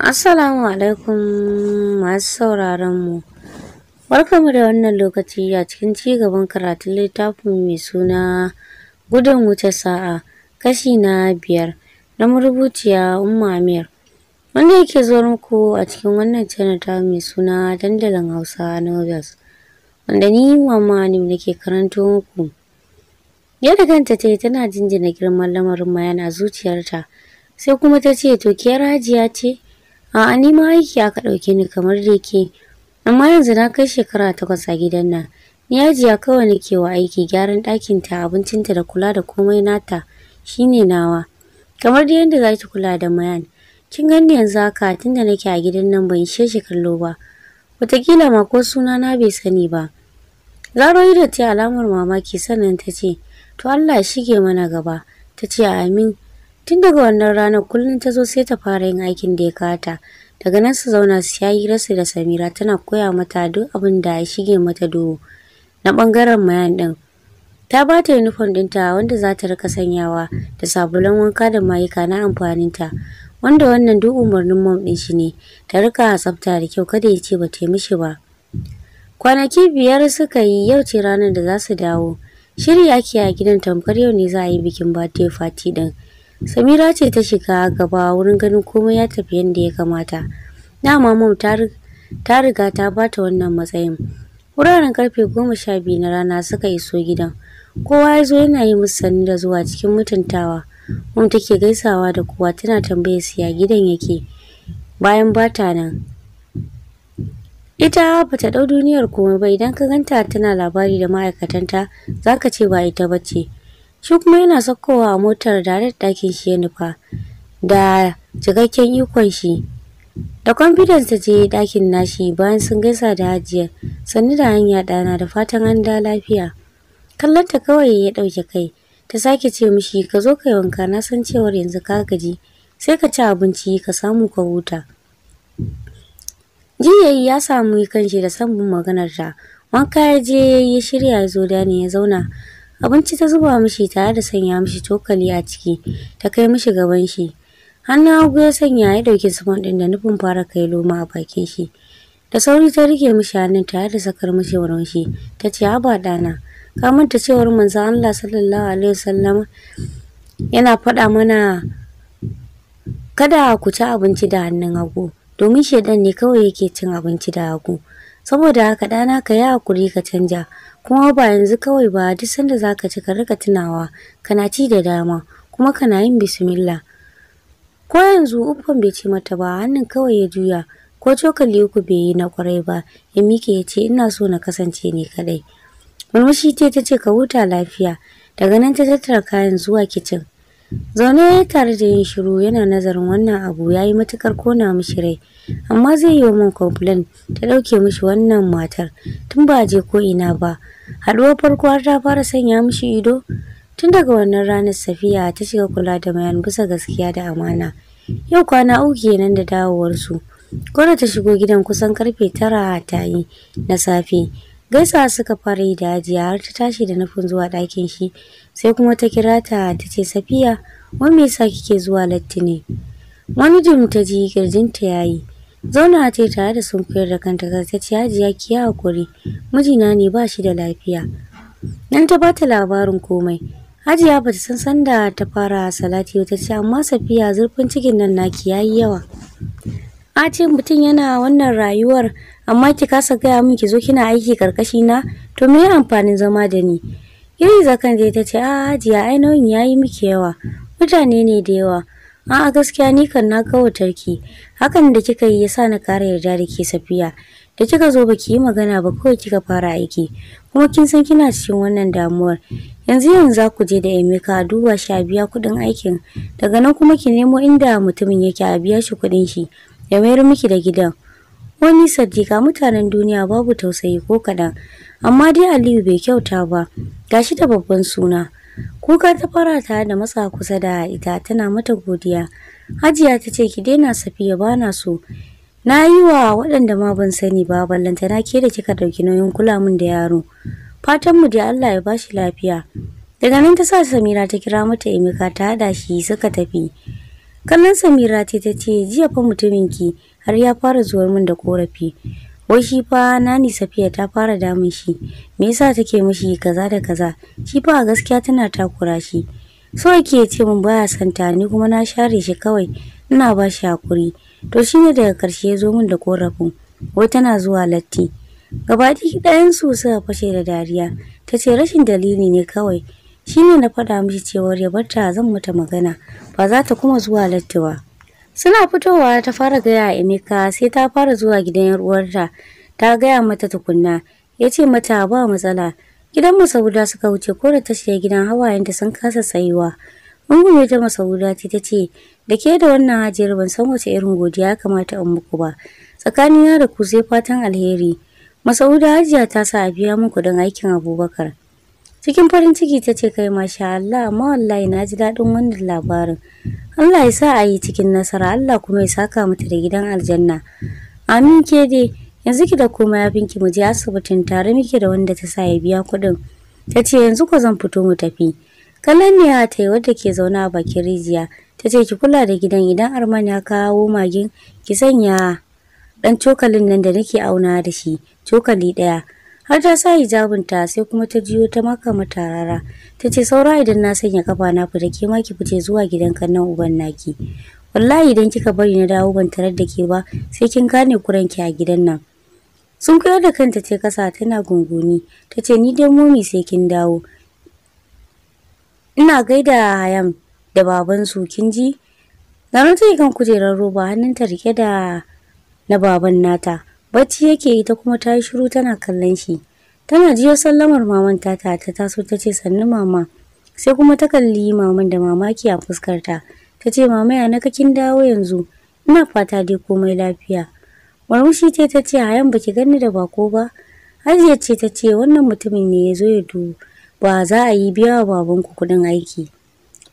Assalamu alaikum masu sauraron mu. Barkamu da wannan lokaci a cikin ci gaban karatun littafin mai suna Gudun wuce sa'a kashi na biyar na marubuciya Umma Amir. Wanda yake zo muku a cikin wannan canata ta mai suna dandalin Hausa Novels. Wanda ni Mama da ke karanto muku. Yadda kanta ta tana jinjina girman lamarin mayan a zuciyarta. sai kuma ta ce to ke rajiya ce A'a ni ma aiki aka ɗauke ni kamar da ke. Amma yanzu na kai shekara takwas a gidan nan. Ni ajiya kawai nake wa aiki gyaran ɗakinta abincinta da kula da komai nata shine nawa. Kamar da yadda zaki kula da mayan. Kin gani yanzu haka tunda nake a gidan nan ban ishe shi kallo ba. Wataƙila ma ko suna na bai sani ba. Zaro ido ta alamar mamaki sannan ta ce, To Allah shige mana gaba. Ta ce amin. Tun daga wannan ranar kullum ta zo sai ta fara yin aikin da ya kata. Daga nan su zauna su ya hirarsu da Samira tana koya mata duk abin da ya shige mata doho. na ɓangaren mayan ɗin. Ta ba ta yunifom ɗinta wanda za ta rika sanyawa da sabulan wanka da mayuka na amfaninta. Wanda wannan duk umarnin mom ɗin shi ne, ta rika tsafta da kyau kada ya ce ba ta yi mishi ba. Kwanaki biyar suka yi yau ce ranar da za su dawo. Shiri ake a gidan tamkar yau ne za a yi bikin birthday fati ɗin. Samira ce ta shiga gaba wurin ganin komai ya tafi yadda ya kamata. Dama mom ta riga ta bata wannan matsayin. Wuraren karfe goma sha biyu na rana suka iso gidan. Kowa ya zo yana yi musu sanni da zuwa cikin mutuntawa. Mom take gaisawa da kowa tana tambayar siya ya gidan yake. Bayan bata nan, Ita ba ta ɗau duniyar komai ba idan ka ganta tana labari da ma'aikatanta za ka ce ba ita ba ce. shi kuma yana sakowa a motar da ɗakin shi ya nufa da cikakken ikon shi da confidence ta je ɗakin nashi bayan sun gaisa da hajiyar sannu da hanya ɗana da fatan an da lafiya ta kawai ya ɗauke kai ta sake ce mishi ka zo ka wanka na san cewar yanzu ka gaji sai ka ci abinci ka samu ka huta Jiya ya samu kanshi da san maganar ta wanka ya je ya shirya ya zo da ne ya zauna abinci ta zuba mishi tare da sanya mishi cokali a ciki ta kai mishi gaban shi hannun hagu ya sanya ya ɗauki sifon ɗin da nufin fara kai loma a bakin shi da sauri ta rike mishi hannun tare da sakar mishi shi ta ce haba ɗana ka manta cewar manzan Allah sallallahu alaihi wasallam yana faɗa mana kada ku ci abinci da hannun hagu domin shedan ne kawai yake cin abinci da hagu saboda haka ɗana ka yi hakuri ka canja kuma ba yanzu kawai ba duk sanda za ka ci ka rika tunawa kana ci da dama kuma kana yin bismillah ko yanzu uffan bai ce mata ba hannun kawai ya juya ko cokali uku bai yi na kwarai ba ya mike ya ce ina so na kasance ne kadai murmushi ce ta ce ka huta lafiya daga nan ta tattara kayan zuwa kicin Zaune ya tare da yin shiru yana nazarin wannan abu ya yi matuƙar kona mishi rai, amma zai yi wa man complain ta ɗauke mishi wannan matar tun ba je ko ina ba. Haɗuwar farko har ta fara sanya mishi ido. Tun daga wannan ranar Safiya ta shiga kula da mayan bisa gaskiya da amana. Yau kwana uku kenan da dawowarsu. Kona ta shigo gidan kusan karfe tara ta yi na safe. Gaisawa suka fara yi da Hajiya har ta tashi da nufin zuwa ɗakin shi. Sai kuma ta kira ta ta ce Safiya, wani me yasa kike zuwa latti ne? Wani jin ta ji kirjinta ya yi. Zauna ta tare da sunfiyar da kanta ta ce Hajiya ki yi hakuri, mijina ne ba shi da lafiya. Nan ta bata labarin komai. Hajiya bata san sanda ta fara salati ta ce amma Safiya zurfin cikin nan naki yayi yawa. A ce mutum yana wannan rayuwar amma ki kasa gaya min ki zo kina aiki karkashi na to me amfanin zama da ni iri zakan dai ta ce a hajiya ai nauyin yayi miki yawa mutane ne da yawa a'a gaskiya ni kan na kawatarki hakan da kika yi yasa na kara yarda da ke safiya da kika zo baki yi magana ba kawai kika fara aiki kuma kin san kina cikin wannan damuwar yanzu yanzu za ku je da Emeka a duba shi a biya kuɗin aikin daga nan kuma ki nemo inda mutumin yake a biya shi kuɗin shi ya mayar miki da gidan wani sadiqa mutanen duniya babu tausayi ko kaɗan amma dai aliyu bai kyauta ba gashi da babban suna kuka ta fara tare da matsa kusa da ita tana mata godiya hajiya ta ce ki daina safiya ba na so na yi wa waɗanda ma ban sani ba ballanta na ke da kika ɗauki nauyin kula min da yaro fatan mu da Allah ya bashi lafiya daga nan ta sa Samira ta kira mata Emeka ta hada shi suka tafi kallon Samira ta ta ce jiya fa mutumin ki har ya fara zuwar min da korafi wai shi fa nani safiya ta fara damun shi me yasa take mishi kaza da kaza shi fa a gaskiya tana takura shi so yake ce min baya son ni kuma na share shi kawai ina ba shi hakuri to shine daga karshe ya zo min da korafin wai tana zuwa latti Gaba gabaki ɗayan su suka fashe da dariya ta ce rashin dalili ne kawai shine na faɗa mishi cewar ya barta zan mata magana ba za ta kuma zuwa latti ba Suna fitowa ta fara gaya a Emeka sai ta fara zuwa gidan uwarta Ta gaya mata tukunna, ya ce mata ba matsala. Gidan Masauda suka wuce ko da ta shiga gidan hawayenta sun kasa tsayuwa. ya ta Masauda ta ce, da ke da wannan hajiyar ban san wace irin godiya kamata in muku ba. tsakanin da ku sai fatan alheri. Masauda hajiya ta sa a biya muku don aikin Abubakar. Cikin farin ciki ta ce kai masha Allah amma wallahi na ji daɗin wannan labarin. Allah ya sa a yi cikin nasara Allah kuma ya saka mata da gidan aljanna amin ke dai yanzu ki da koma yafinki mu je asibitin tare muke da wanda ta sa ya biya kuɗin ta ce yanzu ko zan fito mu tafi kallon ne ta yi wadda ke zaune a bakin rijiya ta ce ki kula da gidan idan arman ya kawo magin ki sanya dan cokalin nan da nake auna da shi cokali ɗaya har ta sa hijabinta sai kuma ta jiyo ta maka mata rara ta ce saura idan na sanya kafa na fita ke ma ki fice zuwa gidan kannan uban naki wallahi idan kika bari na dawo ban tarar da ke ba sai kin gane kuranki a gidan nan sun koyar da kanta ce kasa tana gunguni ta ce ni dai momi sai kin dawo ina gaida hayam da babansu kin ji Garin ta kan kujerar roba hannunta rike da na baban nata. Bacci yake ita kuma ta yi shiru tana kallon shi. Tana jiyo sallamar maman ta ta taso ta ce sannu mama. Sai kuma ta kalli maman da mamaki a fuskarta. Ta ce mama ya naka kin dawo yanzu. Ina fata dai komai lafiya. Murmushi ce ta ce hayan baki gani da bako ba. Hajiya ce ta ce wannan mutumin ne ya zo ya dubu. Ba za a yi biya wa babanku kuɗin aiki.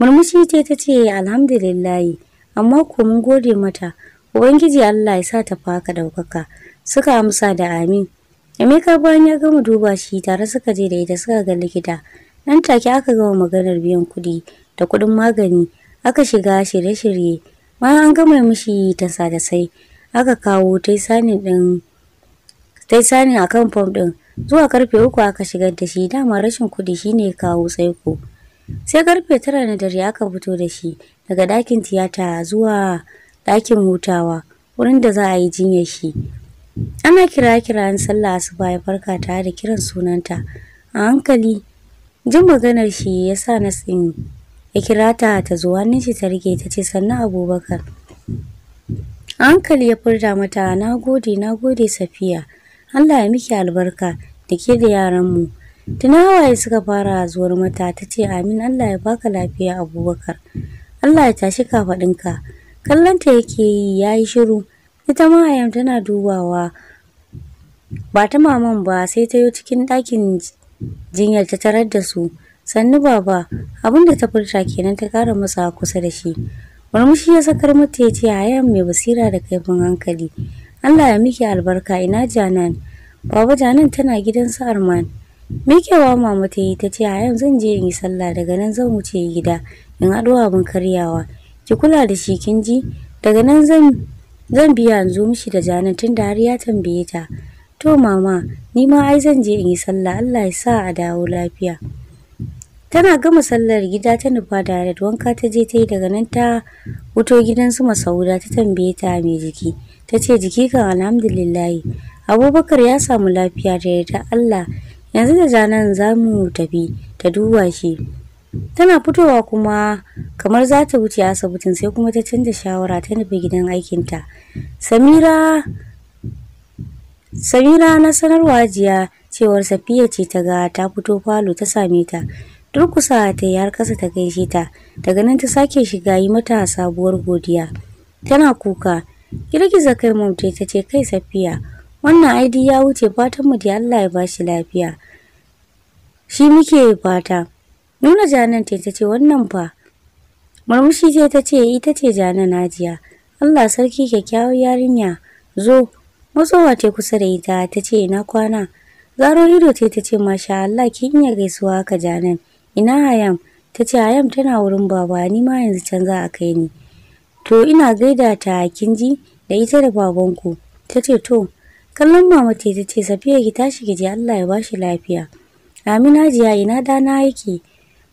Murmushi ce ta ce alhamdulillahi amma ko mun gode mata. Ubangiji Allah ya sa ta faka ɗaukaka. suka amsa da amin emeka bayan ya gama duba shi tare suka je da ita suka ga likita nan take aka gama maganar biyan kuɗi da kuɗin magani aka shiga shirye-shirye ma an gama mishi ta da sai aka kawo ta sanin a kan akan fom ɗin zuwa karfe uku aka shigar da shi dama rashin kuɗi shine kawo tsaiko sai karfe tara na dare aka fito da shi daga ɗakin tiyata zuwa ɗakin hutawa wurin da za a yi jinyar shi ana kira kiran sallah asuba ya farka tare da kiran sunanta a hankali jin maganar shi ya sa na tsini ya kira ta ta zo hannun shi ta rike ta ce sannan abubakar a hankali ya furta mata na gode na gode safiya allah ya miki albarka da ke da yaranmu tuna hawaye suka fara zuwar mata ta ce amin allah ya baka lafiya abubakar allah ya tashi kafaɗinka kallonta yake yi ya yi shiru ita ma tana dubawa ba ta maman ba sai ta yi cikin ɗakin jinyar ta tarar da su sannu baba abin da ta furta kenan ta kara masa kusa da shi murmushi ya sakar mata ya ce hayan mai basira da kaifin hankali allah ya miki albarka ina janan baba janan tana gidan su arman wa mama ta yi ta ce hayan zan je in yi sallah daga nan zan wuce gida in haɗo abin karyawa ki kula da shi kin ji daga nan zan zan biya in zo mishi da tun da har ya tambaye ta to mama ni ma ai zan je in yi sallah Allah ya sa a dawo lafiya tana gama sallar gida ta nufa da wanka ta je ta yi daga nan ta wuto gidan su masauda ta tambaye ta mai jiki ta ce jiki kan alhamdulillahi abubakar ya samu lafiya da yarda Allah yanzu da janan za mu tafi ta duba shi tana fitowa kuma kamar za ta wuce asibitin sai kuma ta canza shawara ta nufi gidan aikinta samira samira na sanarwa jiya cewar safiya ce ta ga ta fito falo ta same ta durkusa ta yi har kasa ta gaishe ta daga nan ta sake shiga yi mata sabuwar godiya tana kuka girgiza kai mamta ta ce kai safiya wannan aidi ya wuce fatanmu da Allah ya bashi lafiya shi muke fata Nuna janan ta ta ce wannan fa. Murmushi ce ta ce ita ce jana najiya Allah sarki kyakkyawar yarinya. Zo, matsowa ta kusa da ita ta ce na kwana. Zaro ido ce ta ce masha Allah kin iya gaisuwa haka janan. Ina Hayam? Ta ce Hayam tana wurin baba ni ma yanzu can za a kai ni. To ina gaida ta kin ji da ita da babanku. Ta ce to, kallon mama ta ce safiya ki tashi ki je Allah ya bashi lafiya. Amina jiya ina dana yake.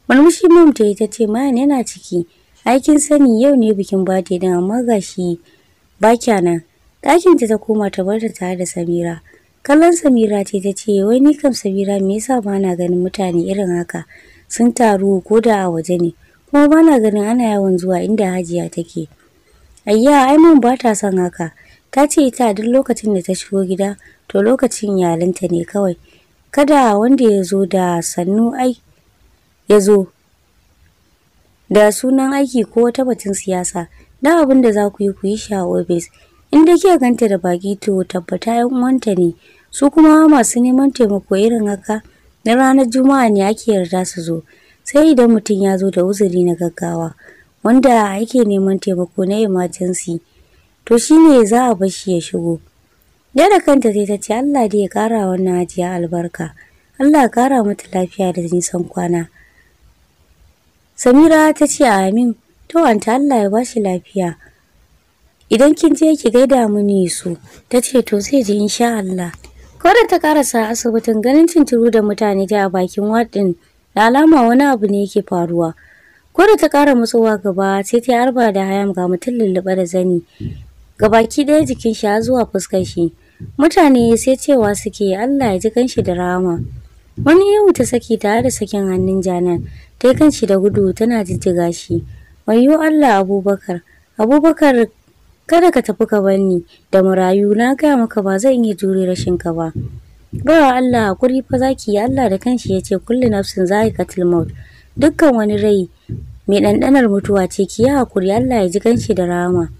Malmushi mom ta yi ta ce mayan yana ciki. Aikin sani yau ne bikin birthday din amma gashi ba kyanan. Ɗakin ta koma ta bar ta tare da Samira. Kallon Samira ce ta ce wai ni kam Samira me yasa ba na ganin mutane irin haka sun taru ko da a waje ne kuma ba na ganin ana yawan zuwa inda Hajiya take. Ayya ai mom ba ta son haka. Ta ce ita duk lokacin da ta shigo gida to lokacin yalinta ne kawai. Kada wanda ya zo da sannu ai ya zo da sunan aiki ko wata batun siyasa da abin da za ku yi ku yi shi a ofis Inda ke ganta da baki to tabbata yan uwanta ne su kuma masu neman taimako irin haka na ranar juma'a ne ake yarda su zo sai idan mutum ya zo da uzuri na gaggawa wanda ake neman taimako na emergency to shine za a bar shi ya shigo da da kanta sai ta ce Allah da ya kara wannan hajiya albarka Allah ya kara mata lafiya da nisan kwana Samira ta ce amin, to ta Allah ya bashi lafiya. Idan kin je ki gaida ne su, ta ce to sai ji insha Allah. Koda ta karasa asibitin ganin cinturu da mutane ta a bakin wadin da alama wani abu ne yake faruwa. Koda ta kara matsowa gaba sai ta arba da hayam ga mutum lulluɓe da zani. Gabaki ɗaya jikin shi zuwa fuskar shi. Mutane sai cewa suke Allah ya ji kanshi da rama. Wani yau ta saki tare da sakin hannun janan ta yi kanshi da gudu tana jijjiga shi wayyo Allah Abubakar Abubakar kada ka tafi ka banni da marayu na gaya maka ba zan iya jure rashin ka ba bawa Allah hakuri fa zaki Allah da kanshi ya ce kullu nafsin ka tilmaut dukkan wani rai mai ɗanɗanar mutuwa ce ki yi hakuri Allah ya ji kanshi da rama.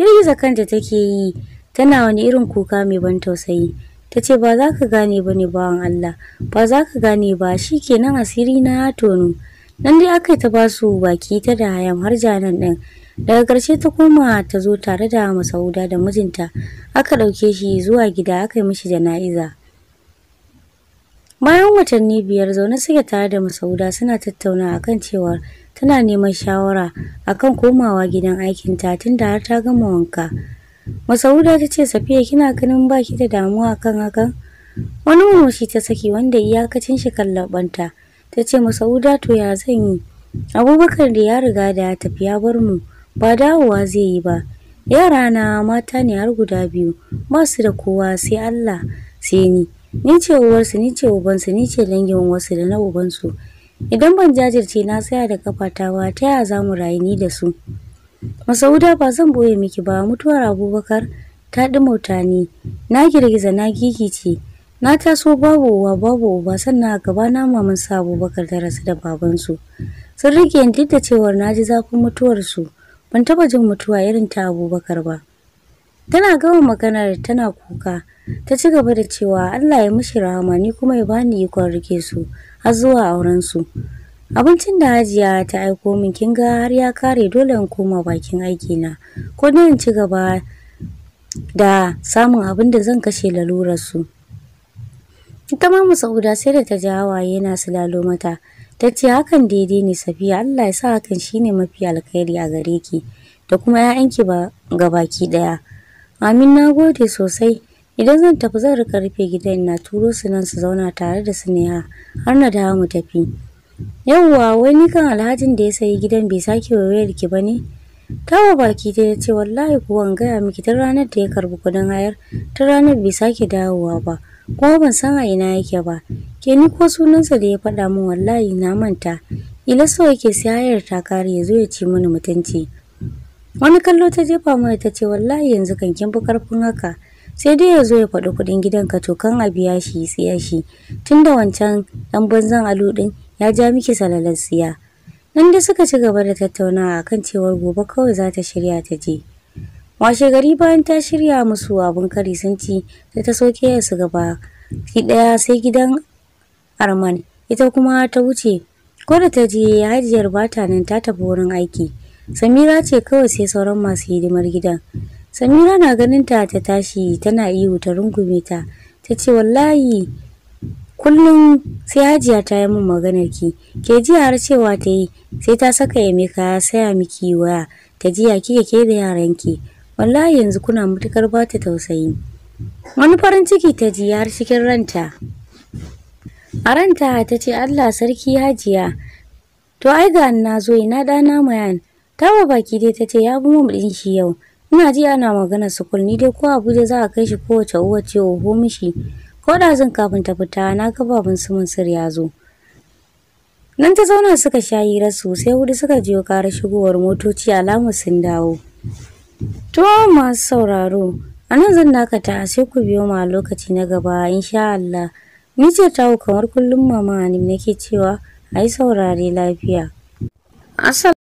rahama zakan kanta take yi tana wani irin kuka mai ban tausayi ta ce ba za ka gane ba ne bawan Allah ba za ka gane ba shi kenan asiri na ya tonu nan dai aka ta ba su baki ta da hayan har janan ɗin daga ƙarshe ta koma ta zo tare da masauda da mijinta aka ɗauke shi zuwa gida aka yi mishi jana'iza bayan watanni biyar zaune suke tare da masauda suna tattauna akan cewar tana neman shawara akan komawa gidan aikinta tunda har ta gama wanka masauda ta ce safiya kina ganin baki da damuwa kan hakan wani murmushi ta saki wanda iyakacin shi kan laɓanta. ta ce masauda to ya zan yi abubakar da ya riga da ya tafi ya bar mu ba dawowa zai yi ba yara na mata ne har guda biyu ba su da kowa sai allah sai ni ni ce uwarsu ni ce ubansu ni ce dangin wasu da na ubansu idan ban jajirce na tsaya da kafata ba ta yaya za mu rayu ni da su masauda ba zan boye miki ba mutuwar abubakar ta ɗi ɗumauta ni na girgiza na gigice Na taso babu uwa babu uba sannan a na maman sa Abubakar da rasu da babansu. Sun rike ni duk da cewar na ji zafin mutuwarsu. Ban taba jin mutuwa irin ta Abubakar ba. Tana gama maganar tana kuka. Ta ci gaba da cewa Allah ya mashi rahama ni kuma ya bani ikon rike su har zuwa auren su. Abincin da Hajiya ta aiko min kin ga har ya kare dole in koma bakin aiki na. Ko ne in ci gaba da samun abin da zan kashe lalurarsu. ita ma Musauda sai da ta ji hawaye yana lalo mata ta ce hakan daidai ne Safiya Allah ya sa hakan shine mafi alkhairi a gare ki da kuma 'ya'yanki ba baki ɗaya. Amin na gode sosai idan zan tafi zan rika rufe gidan na turo su nan su zauna tare da su neha har na dawo mu tafi yauwa wai ni kan alhajin da ya sayi gidan bai sake wayar ki bane tawa baki ta ya ce wallahi kuwa an gaya miki tun ranar da ya karbi kudin hayar ta ranar bai sake dawowa ba ko ban san a ina yake ba ke ni ko sunansa da ya faɗa min wallahi na manta ila so yake sai hayar ta kare ya zo ya ci mini mutunci wani kallo ta jefa mana ta ce wallahi yanzu kan kin fi karfin haka sai dai ya zo ya faɗi kuɗin gidanka to kan a biya shi tsiya shi tunda wancan ɗan banzan alu ɗin ya ja miki salalar tsiya nan da suka ci gaba da tattaunawa akan cewar gobe kawai za ta shirya ta je washe gari bayan ta shirya musu abun kari sun ci sai ta soke su gaba ki daya sai gidan arman ita kuma ta wuce ko da ta je hajiyar bata nan ta tafi wurin aiki samira ce kawai sai sauran masu hidimar gidan samira na ganin ta ta tashi tana ihu ta rungume ta ta ce wallahi kullum sai hajiya ta yi min maganar ki ke ji har cewa ta yi sai ta saka ya mika saya miki waya ta jiya kike ke da yaranki wallahi yanzu kuna matukar ba ta tausayi wani farin ciki ta ji har cikin ranta a ranta ta ce Allah sarki hajiya to ai ga na zo ina na mayan ba baki dai ta ce ya bi mu ɗin shi yau ina ji ana magana sukul ni dai ko abuja za a kai shi ko wace uwa ce oho mishi ko da zan kafin ta fita na ga baban su sir ya zo nan ta zauna suka sha hirar su sai hudu suka jiyo karar shigowar motoci alamu sun dawo To masu sauraro, a nan zan dakata sai ku biyo ma lokaci na gaba insha Allah. Ni ce tawo kamar kullum mama nake cewa a yi saurare lafiya. Assalamu